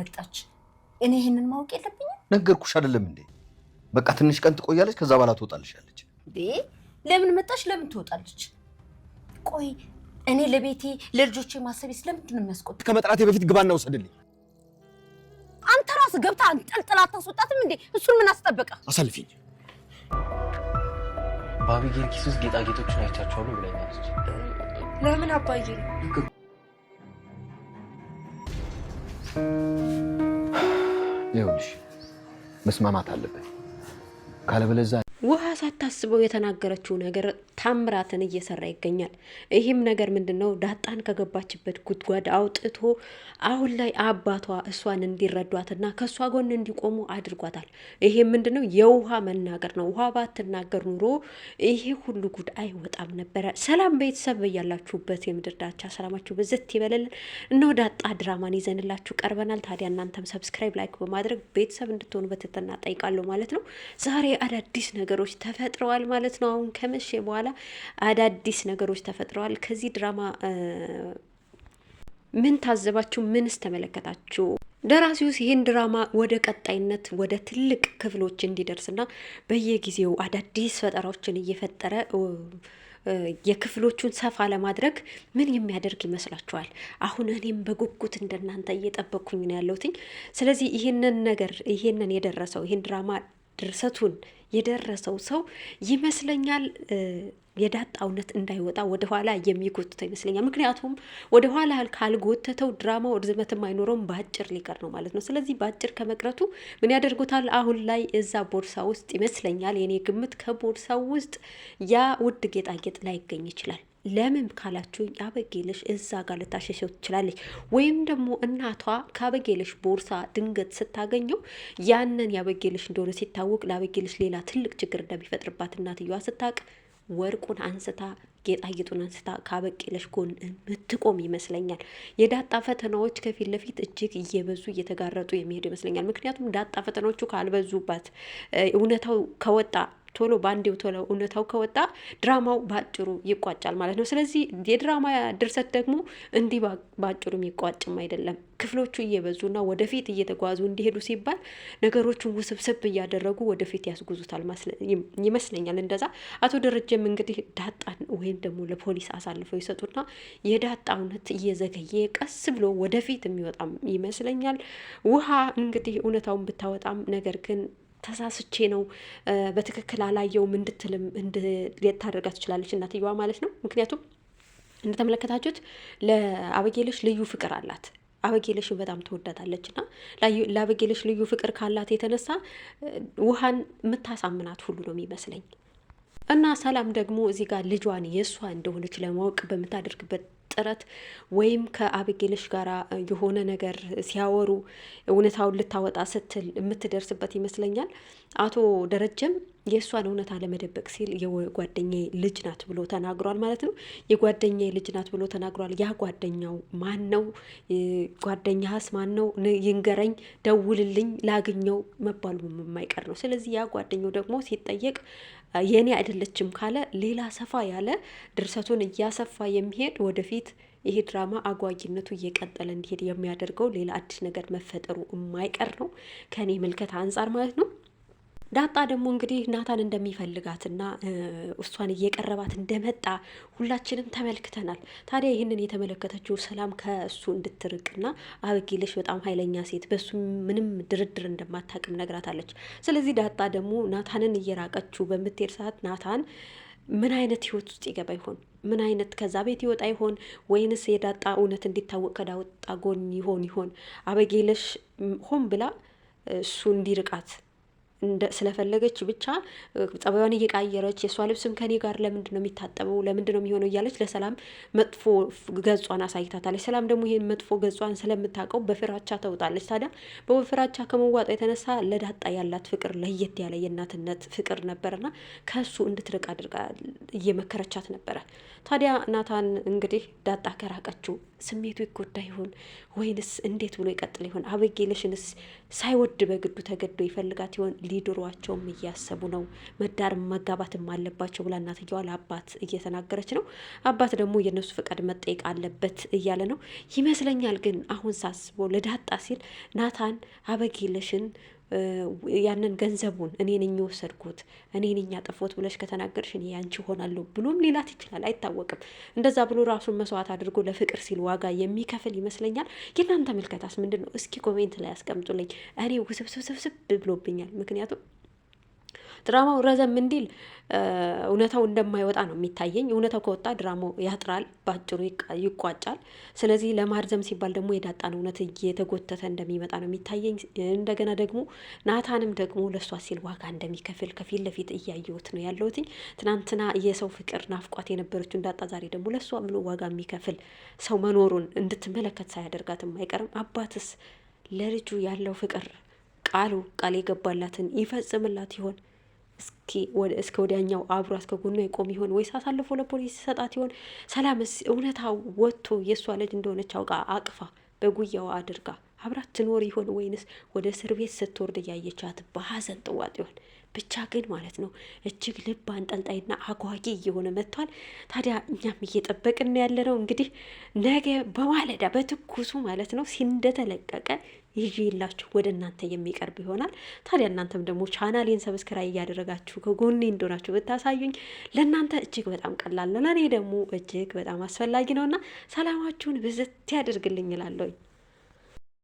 መጣች። እኔ ይህንን ማወቅ የለብኝም። ነገርኩሽ አይደለም እንዴ? በቃ ትንሽ ቀን ትቆያለች፣ ከዛ በኋላ ትወጣልሻለች። ለምን መጣች? ለምን ትወጣለች? ቆይ እኔ ለቤቴ ለልጆቼ ማሰቤ ስለምንድን ነው የሚያስቆጥ? ከመጥራቴ በፊት ግባና ውሰድልኝ። አንተ ራስ ገብታ አንጠልጥላ አታስወጣትም እንዴ? እሱን ምን አስጠበቀ? አሳልፊኝ። በአቢጌል ኪስ ውስጥ ጌጣጌጦችን አይቻቸዋለሁ ብላኛለች። ለምን አባዬ ይኸውልሽ መስማማት አለብን ካለበለዚያ ውሃ ሳታስበው የተናገረችው ነገር ታምራትን እየሰራ ይገኛል። ይህም ነገር ምንድን ነው? ዳጣን ከገባችበት ጉድጓድ አውጥቶ አሁን ላይ አባቷ እሷን እንዲረዷትና ከእሷ ጎን እንዲቆሙ አድርጓታል። ይሄ ምንድን ነው? የውሃ መናገር ነው። ውሃ ባትናገር ኑሮ ይሄ ሁሉ ጉድ አይወጣም ነበረ። ሰላም ቤተሰብ፣ እያላችሁበት የምድር ዳርቻ ሰላማችሁ ብዝት ይበለልን። እነሆ ዳጣ ድራማን ይዘንላችሁ ቀርበናል። ታዲያ እናንተም ሰብስክራይብ፣ ላይክ በማድረግ ቤተሰብ እንድትሆኑ በትህትና ጠይቃለሁ ማለት ነው። ዛሬ አዳዲስ ነገር ነገሮች ተፈጥረዋል ማለት ነው። አሁን ከመሸ በኋላ አዳዲስ ነገሮች ተፈጥረዋል። ከዚህ ድራማ ምን ታዘባችሁ? ምንስ ተመለከታችሁ? ደራሲውስ ይህን ድራማ ወደ ቀጣይነት ወደ ትልቅ ክፍሎች እንዲደርስና በየጊዜው አዳዲስ ፈጠራዎችን እየፈጠረ የክፍሎቹን ሰፋ ለማድረግ ምን የሚያደርግ ይመስላችኋል? አሁን እኔም በጉጉት እንደናንተ እየጠበቅኩኝ ነው ያለሁትኝ። ስለዚህ ይህንን ነገር ይህንን የደረሰው ይህን ድራማ ድርሰቱን የደረሰው ሰው ይመስለኛል የዳጣ እውነት እንዳይወጣ ወደኋላ የሚጎትተው ይመስለኛል። ምክንያቱም ወደኋላ ካልጎተተው ድራማው እርዝመትም አይኖረውም፣ በአጭር ሊቀር ነው ማለት ነው። ስለዚህ በአጭር ከመቅረቱ ምን ያደርጉታል? አሁን ላይ እዛ ቦርሳ ውስጥ ይመስለኛል የኔ ግምት፣ ከቦርሳው ውስጥ ያ ውድ ጌጣጌጥ ላይገኝ ይችላል። ለምን ካላችሁ አበጌለሽ እዛ ጋር ልታሸሸው ትችላለች። ወይም ደግሞ እናቷ ከአበጌልሽ ቦርሳ ድንገት ስታገኘው ያንን የአበጌልሽ እንደሆነ ሲታወቅ ለአበጌልሽ ሌላ ትልቅ ችግር እንደሚፈጥርባት እናትየዋ ስታቅ ወርቁን አንስታ ጌጣጌጡን አንስታ ከአበቄለሽ ጎን የምትቆም ይመስለኛል። የዳጣ ፈተናዎች ከፊት ለፊት እጅግ እየበዙ እየተጋረጡ የሚሄዱ ይመስለኛል። ምክንያቱም ዳጣ ፈተናዎቹ ካልበዙባት እውነታው ከወጣ ቶሎ በአንዴው ቶሎ እውነታው ከወጣ ድራማው በአጭሩ ይቋጫል ማለት ነው። ስለዚህ የድራማ ድርሰት ደግሞ እንዲህ በአጭሩ የሚቋጭም አይደለም። ክፍሎቹ እየበዙና ወደፊት እየተጓዙ እንዲሄዱ ሲባል ነገሮቹን ውስብስብ እያደረጉ ወደፊት ያስጉዙታል ይመስለኛል። እንደዛ አቶ ደረጀም እንግዲህ ዳጣን ወይም ደግሞ ለፖሊስ አሳልፈው ይሰጡና የዳጣ እውነት እየዘገየ ቀስ ብሎ ወደፊት የሚወጣም ይመስለኛል። ውሃ እንግዲህ እውነታውን ብታወጣም ነገር ግን ተሳስቼ ነው በትክክል አላየውም እንድትልም እንድታደርጋ ትችላለች እናትየዋ ማለት ነው። ምክንያቱም እንደተመለከታችሁት ለአበጌለሽ ልዩ ፍቅር አላት። አበጌለሽን በጣም ትወዳታለች እና ለአበጌለሽ ልዩ ፍቅር ካላት የተነሳ ውሃን የምታሳምናት ሁሉ ነው የሚመስለኝ እና ሰላም ደግሞ እዚህ ጋር ልጇን የእሷ እንደሆነች ለማወቅ በምታደርግበት ጥረት ወይም ከአብጌልሽ ጋር የሆነ ነገር ሲያወሩ እውነታውን ልታወጣ ስትል የምትደርስበት ይመስለኛል። አቶ ደረጀም የእሷን እውነታ ለመደበቅ ሲል የጓደኛ ልጅ ናት ብሎ ተናግሯል ማለት ነው። የጓደኛ ልጅ ናት ብሎ ተናግሯል። ያ ጓደኛው ማን ነው? ጓደኛህስ ማን ነው? ይንገረኝ፣ ደውልልኝ፣ ላግኘው መባሉ የማይቀር ነው። ስለዚህ ያ ጓደኛው ደግሞ ሲጠየቅ የእኔ አይደለችም ካለ ሌላ ሰፋ ያለ ድርሰቱን እያሰፋ የሚሄድ ወደፊት ይሄ ድራማ አጓጊነቱ እየቀጠለ እንዲሄድ የሚያደርገው ሌላ አዲስ ነገር መፈጠሩ የማይቀር ነው ከእኔ ምልከታ አንጻር ማለት ነው። ዳጣ ደግሞ እንግዲህ ናታን እንደሚፈልጋትና እሷን እየቀረባት እንደመጣ ሁላችንም ተመልክተናል። ታዲያ ይህንን የተመለከተችው ሰላም ከእሱ እንድትርቅና አበጌለሽ በጣም ኃይለኛ ሴት በሱ ምንም ድርድር እንደማታቅም ነግራታለች። ስለዚህ ዳጣ ደግሞ ናታንን እየራቀችው በምትሄድ ሰዓት ናታን ምን አይነት ህይወት ውስጥ ይገባ ይሆን? ምን አይነት ከዛ ቤት ይወጣ ይሆን? ወይንስ የዳጣ እውነት እንዲታወቅ ከዳጣ ጎን ይሆን ይሆን? አበጌለሽ ሆን ብላ እሱ እንዲርቃት ስለፈለገች ብቻ ጸባዩን እየቃየረች የእሷ ልብስም ከኔ ጋር ለምንድን ነው የሚታጠበው? ለምንድን ነው የሚሆነው? እያለች ለሰላም መጥፎ ገጿን አሳይታታለች። ሰላም ደግሞ ይህን መጥፎ ገጿን ስለምታውቀው በፍራቻ ተውጣለች። ታዲያ በፍራቻ ከመዋጧ የተነሳ ለዳጣ ያላት ፍቅር ለየት ያለ የእናትነት ፍቅር ና ከእሱ እንድትርቅ አድርጋ እየመከረቻት ነበረ። ታዲያ ናታን እንግዲህ ዳጣ ከራቀችው ስሜቱ ይጎዳ ይሆን ወይንስ እንዴት ብሎ ይቀጥል ይሆን? አበጌለሽንስ ሳይወድ በግዱ ተገዶ ይፈልጋት ይሆን? ሊድሯቸውም እያሰቡ ነው። መዳር መጋባትም አለባቸው ብላ እናትየዋ ለአባት እየተናገረች ነው። አባት ደግሞ የእነሱ ፍቃድ መጠየቅ አለበት እያለ ነው ይመስለኛል። ግን አሁን ሳስቦ ለዳጣ ሲል ናታን አበጌለሽን ያንን ገንዘቡን እኔ ነኝ የወሰድኩት እኔ ነኝ ብለሽ ከተናገርሽ እኔ ያንቺ ሆናለሁ ብሎም ሌላት ይችላል፣ አይታወቅም። እንደዛ ብሎ ራሱን መስዋዕት አድርጎ ለፍቅር ሲል ዋጋ የሚከፍል ይመስለኛል። የእናንተ ምልከታስ ምንድን ነው? እስኪ ኮሜንት ላይ ያስቀምጡልኝ። እኔ ውስብስብስብስብ ብሎብኛል ምክንያቱም ድራማው ረዘም እንዲል እውነታው እንደማይወጣ ነው የሚታየኝ። እውነታው ከወጣ ድራማው ያጥራል፣ ባጭሩ ይቋጫል። ስለዚህ ለማርዘም ሲባል ደግሞ የዳጣን እውነት እየተጎተተ እንደሚመጣ ነው የሚታየኝ። እንደገና ደግሞ ናታንም ደግሞ ለእሷ ሲል ዋጋ እንደሚከፍል ከፊት ለፊት እያየሁት ነው ያለሁትኝ። ትናንትና የሰው ፍቅር ናፍቋት የነበረችው እንዳጣ ዛሬ ደግሞ ለእሷ ምን ዋጋ የሚከፍል ሰው መኖሩን እንድትመለከት ሳያደርጋትም አይቀርም። አባትስ ለልጁ ያለው ፍቅር ቃሉ ቃል የገባላትን ይፈጽምላት ይሆን? እስከ ወዲያኛው አብሮ እስከ ጎኗ ይቆም ይሆን ወይስ አሳልፎ ለፖሊስ ሲሰጣት ይሆን? ሰላም እውነታ ወጥቶ የእሷ ልጅ እንደሆነች አውቃ አቅፋ በጉያዋ አድርጋ አብራት ትኖር ይሆን ወይንስ ወደ እስር ቤት ስትወርድ እያየቻት በሀዘን ጥዋጥ ይሆን? ብቻ ግን ማለት ነው እጅግ ልብ አንጠልጣይና አጓጊ እየሆነ መጥቷል። ታዲያ እኛም እየጠበቅን ያለ ነው እንግዲህ ነገ በማለዳ በትኩሱ ማለት ነው ሲንደተለቀቀ ይዤላችሁ ወደ እናንተ የሚቀርብ ይሆናል። ታዲያ እናንተም ደግሞ ቻናሌን ሰብስክራይ እያደረጋችሁ ከጎኔ እንደሆናችሁ ብታሳዩኝ ለእናንተ እጅግ በጣም ቀላል ነው፣ ለእኔ ደግሞ እጅግ በጣም አስፈላጊ ነውና ሰላማችሁን ብዝት ያደርግልኝ